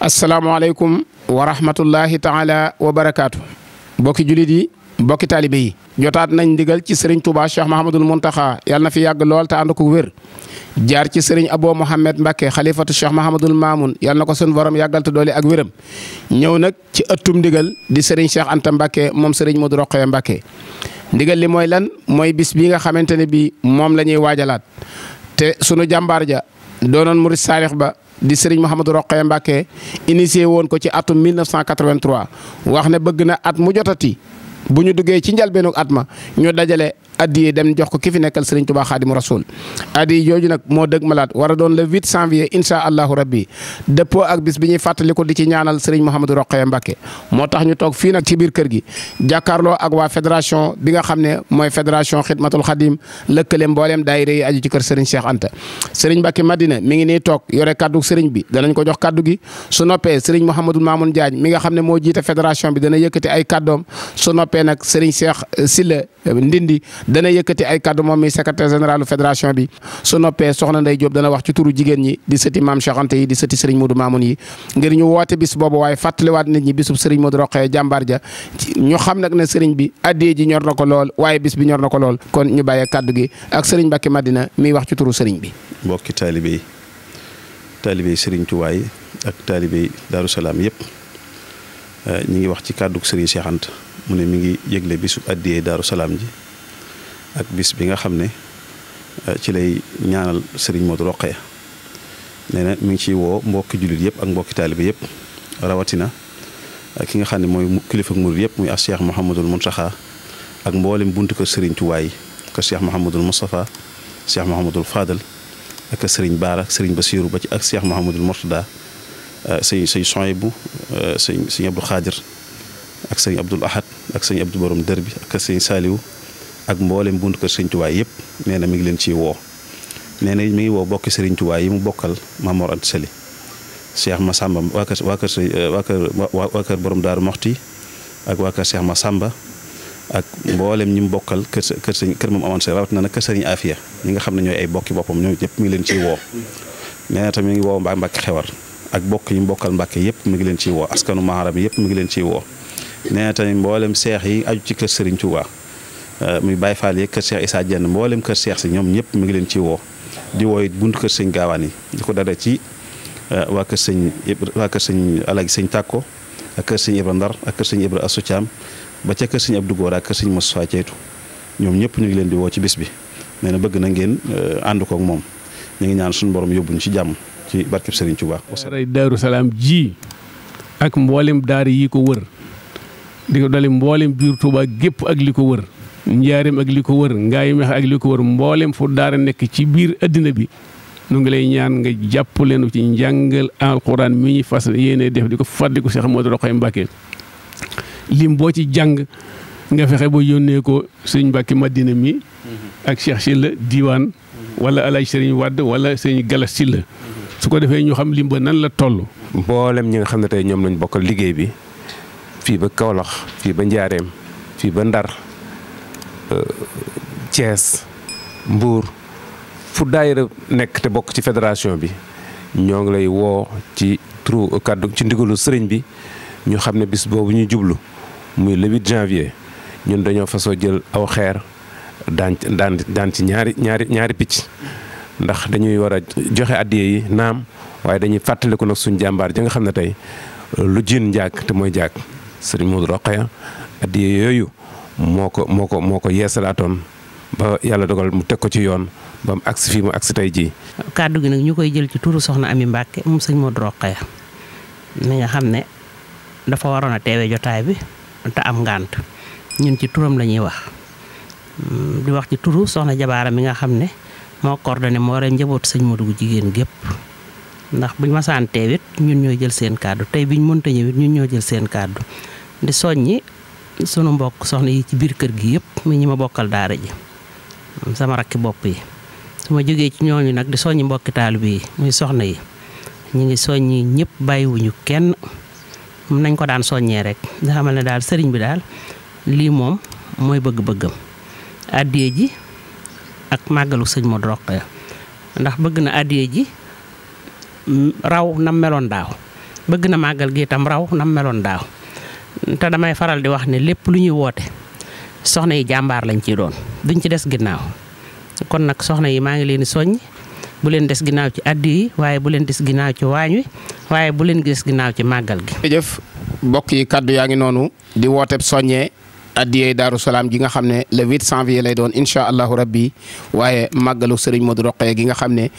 asalaamaaleykum wa rahmatullahi taala wa barakaatu. bokki jullit yi bokki taalibe yi. jotaat nañ ndigal ci sëriñ Touba Cheikh Mahamadul Muntaxa yal na fi yàgg lool te ànd ko wér. jaar ci sëriñ Abo Mohamed Mbacke xalifatu Cheikh Mahamadul Mamoun yàlla na ko sun borom yàggal doole ak wéram. ñëw nag ci ëttum ndigal di sëriñ Cheikh Anta Mbacke moom sëriñ Modou Rokhaya Mbacke. ndigal li mooy lan mooy bis bii nga xamante ne bii moom la ñuy waajalaat te sunu jàmbaar ja di sëriñ Mouhamadou Rokhaya Mbacké initié woon ko ci atum 1983 wax ne bëgg na at mu jotati bu ñu duggee ci njalbeenu at ma ñu dajale addiye dem jox ko ki fi nekkal Serigne Touba Xaadimu Rasuul addiye jooju nag moo dëgg malaat war a doon le 8 janvier incha allahu rabbi dëppoo ak bis bi ñuy fàttaliku di ci ñaanal Serigne Mouhamadou Rokhaya Mbacké moo tax ñu toog fii nag ci biir kër gi jàkkaarloo ak waa fédération bi nga xam ne mooy fédération Xidmatul Xadim lëkkale mbooleem daayira yi aju ci kër Serigne Cheikh Anta Serigne Mbacké Madina mi nga xam ne moo jiite fédération bi dana yëkkati ay dana yëkkati ay kaddu moom mi secrétaire général fédération bi su noppee soxna Ndey Diop dana wax ci turu jigéen ñi di sëti maam Cheikh Anta yi di sëti Serigne Modou Mamoun yi ngir ñu woote bis boobu waaye fàttaliwaat nit ñi bisub Serigne Modou Rokhaya jàmbaar ja ñu xam nag ne Serigne bi addee ji ñor na ko lool waaye bis bi ñor na ko lool kon ñu bàyyee kaddu gi ak Serigne Mbacké Madina miy wax ci turu Serigne bi. mbokki taalibe yi taalibe yi Serigne Touba yi ak taalibe yi Darou Salaam yëpp eh, ñi ngi wax ci kaddu Serigne Cheikh mu ne mi ngi yëgle bisu addee Darou Salaam ji. ak bis bi nga xam ne euh, ci lay ñaanal sëriñ Modou Rokhaya nee na mi ngi ciy woo mbokki jullit yëpp ak mbokki taalibe yëpp rawatina euh, ki nga xam ne mooy kilifa murid yëpp muy as Cheikh Mouhamadul Mountakha ak mboolem buntu ko sëriñ Tuubaa yi ko Cheikh Mouhamadul Moustapha Cheikh Mouhamadul Fadal sëriñ Baara sëriñ Basiiru ba ci ak Cheikh Mouhamadul Mourtada sëñ sëñ Soyibu sëñ sëñ Abdou Xaadir ak sëñ Abdoul Ahad ak sëñ Abdou Borom Dër bi ak ak mbooleem buntu kër Serigne yëpp nee na mi ngi leen ciy woo nee na mi ngi woo bokki Serigne yi mu bokkal Mamor Anta Sali Cheikh Massamba waa kër waa kër waa kër borom Daaru Moxti ak waa kër Cheikh Massamba ak mboolem ñi mu bokkal kër sa kër sëñ kër moom amoon sa rawatina nag kër sëriñ Afia ñi nga xam ne ñooy ay bokki boppam ñoom ñëpp mi ngi leen ciy woo nee na tamit mi ngi woo mbaa Mbàkke ak bokk yi mu bokkal yëpp mi ngi leen ciy woo askanu Maharam yëpp mi ngi leen ciy woo nee na mboolem seex yi aju ci kër Serigne Touba Euh, muy Baye Fall yeeg saa Cheikh Issa kër Cheikh si ñoom ñëpp mu ngi leen ci woo di woo it buntu kër sëñ gaawaan yi di ko dara ci euh, waa kër sëñ waa kër sëñ Alaaji sëñ Tàkko ak kër sëñ Ibra Ndar ak kër Ibra Asucaam ba ca kër sëñ Abdou Góor ak kër sëñ Moussa Ceytu ñoom ñëpp ñu ngi leen di woo ci bis bi nee na bëgg na ngeen euh, ànd kook moom ñu ngi ñaan suñu borom yóbbuñ ci jàmm ci barkeb Sëriñ Tuubaa daaray Daaru Salaam ji ak mboolem daara yi ko wër di ko dali mboolem biir Tuubaa gépp ak li ko wër njaareem ak li ko wër ngaay meex ak li ko wër mboolem fu daara nekk ci biir addina bi nu ngi lay ñaan nga jàpp leen ci njàngal alxuraan mi ñu fas yéene def di ko fàddiku Seex Moodu Rokhaya Mbàkke lim boo ci jàng nga fexe ba yónnee ko sëñ Mbàkke màddina mi ak Cheikh Sylla diwaan wala alaaj sëriñ Wàdd wala sëñ Galas la su ko defee ñu xam lim ba nan la toll mboolem ñi nga xam ne tey ñoom lañ bokkal liggéey bi fii ba kawlax fii ba Njaareem fii ba Ndar Euh, Thiès mbuur fu daayira nekk te bokk ci fédération bi ñoo ngi lay woo ci turu kàddu ci ndigalu sëriñ bi ñu xam ne bis boobu ñuy jublu muy le 8 janvier ñun dañoo fasoo jël aw xeer daan daan daan ci ñaari ñaari ñaari picc ndax dañuy war a joxe addiye yi naam waaye dañuy fàttaliku nag suñ jàmbaar ja nga xam ne tey lu jiin njaag te mooy njaag sëriñ Modou Rokhaya addiye yooyu moo ko moo ko moo ko yeesalaatoon ba yàlla dogal mu teg ko ci yoon ba mu agsi fii mu agsi tey jii. kàddu gi nag ñu koy jël ci turu soxna Ami Mbàkke moom sëñ Modou Rokhaya mi nga xam ne dafa waroon a teewee jotaay bi te am ngànt ñun ci turam la ñuy wax mm, di wax ci turu soxna jabaara mi nga xam ne moo kordone moo reen njaboot sëñ Modou gu jigéen gépp ndax buñ masaan teewit ñun ñoo jël seen kàddu tey biñ mënta it ñun ñoo jël seen kàddu di soññi sunu mbokk soxna yi ci biir kër gi yëpp mu ñi ma bokkal daara ji sama rakki bopp yi su ma jógee ci ñooñu nag di soññi mbokki taalu yi muy soxna yi ñu ngi soññi ñépp bàyyiwuñu kenn nañ ko daan soññee rek nga xamal ne daal sëriñ bi daal lii moom mooy bëgg-bëggam addiye ji ak màggalu sëñ Modou Rokhaya ndax bëgg na addiye ji raw na meloon daaw te damay faral di wax ne lépp lu ñuy woote soxna yi jàmbaar lañ ciy doon duñ ci des ginnaaw kon nag soxna yi maa ngi leen di soññ bu leen des ginnaaw ci addu yi waaye bu leen des ginnaaw ci waañ wi waaye bu leen des ginnaaw ci màggal gi. jërëjëf mbokk yi kàddu yaa ngi noonu di wooteeb soññee addiyee daaru salaam gi nga xam ne le 8 janvier lay doon incha allahu rabbi waaye màggalu sëriñ Modou Rokhaya gi nga xam ne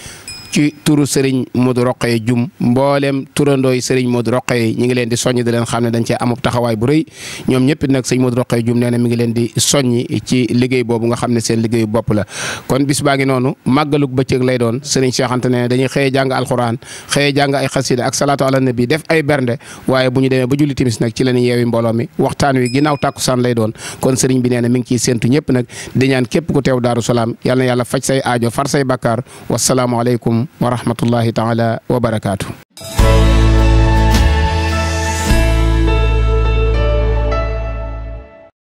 ci turu Serigne Modou Rokhaya Dioum mboolem turandooy Serigne Modou Rokhaya ñi ngi leen di soññ di leen xam ne dañ cee amub taxawaay bu rëy ñoom ñëpp nag sëñ Modou Rokhaya Dioum nee na leen di soññ ci liggéey boobu ne seen liggéeyu bopp la kon bis baa ngi noonu màggalug bëccëg lay doon Serigne Cheikh Anta nee na dañuy xëye jàng alxuraan xëye jàng ay xasida ak salaatu ala nabi def ay bernde waaye bu ñu demee ba julli timis nag ci la ñu yeewi mbooloo mi waxtaan wi ginnaaw tàkkusaan lay doon kon Serigne bi nee na mi ngi ciy séentu ñëpp nag di ñaan képp ku teew Daaru Salaam yàlla yàlla faj say aajo far say bakkaar wasalaamu aleykum aleykum wa rahmatullahi taala wa barakaatu.